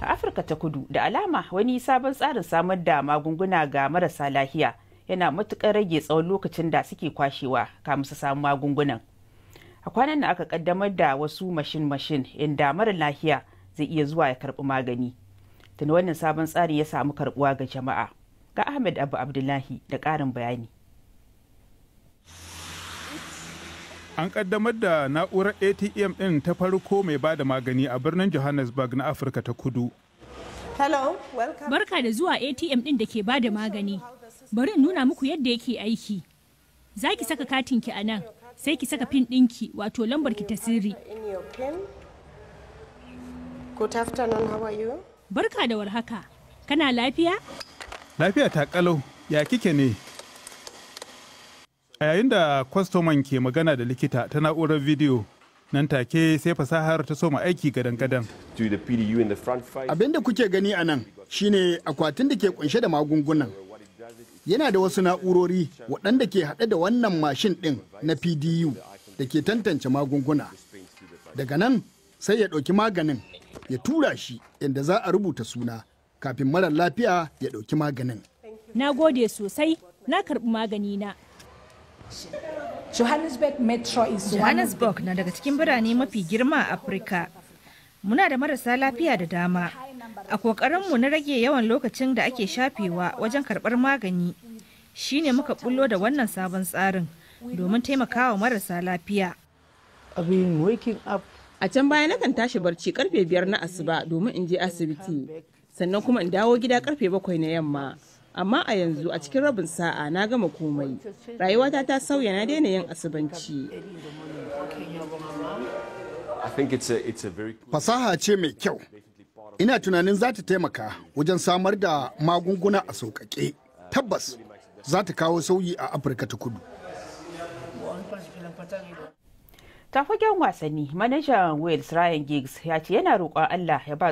a afirka ta kudu da alama wani sabon tsarin samar da magunguna ga marasa lafiya yana matukar rage tsawon lokacin da suke kwashewa kamun su samu magungunan a kwanan na aka kaddamar da wasu mashin-mashin inda mara lafiya zai iya zuwa ya karbi magani tun wannan sabon tsarin ya samu karbuwa ga jama'a ga ahmed abu abdullahi da ƙarin bayani an kaddamar da na'urar atm ɗin ta farko mai bada magani a birnin johannesburg na afirka ta kudu barka da zuwa atm ɗin da ke bada magani bari in nuna muku yadda yake aiki za ki saka katinki a nan sai ki saka pin ɗinki wato lambar ki ta sirri barka da warhaka kana lafiya lafiya ta kalau ya kike ne a yayin da kwastoman ke magana da likita ta na'urar bidiyo nan take sai fasahar ta soma aiki gadan-gadan abin da kuke gani a nan shine akwatin da ke kunshe da magungunan yana da wasu na'urori waɗanda ke haɗe da wannan mashin ɗin na pdu da ke tantance magunguna daga nan sai ya ɗauki maganin ya tura shi inda za a rubuta suna kafin marar lafiya ya ɗauki maganin na gode sosai na karɓi magani na. Johannesburg Metro na daga cikin birane mafi girma a Afirka. Muna da marasa lafiya da dama. A mu na rage yawan lokacin da ake shafewa wajen karɓar magani shine muka bullo da wannan sabon tsarin domin taimakawa marasa lafiya. A can baya nakan tashi barci karfe biyar na asuba domin in je asibiti sannan kuma in dawo gida karfe bakwai na yamma. amma a yanzu a cikin rabin sa'a na gama komai rayuwata ta sauya na daina yin asubanci fasaha ce mai kyau ina tunanin za ta taimaka wajen samar da magunguna a sauƙaƙe tabbas za ta kawo sauyi a afirka ta kudu ta wasanni manajan wales ryan giggs ya ce yana roƙon allah ya ba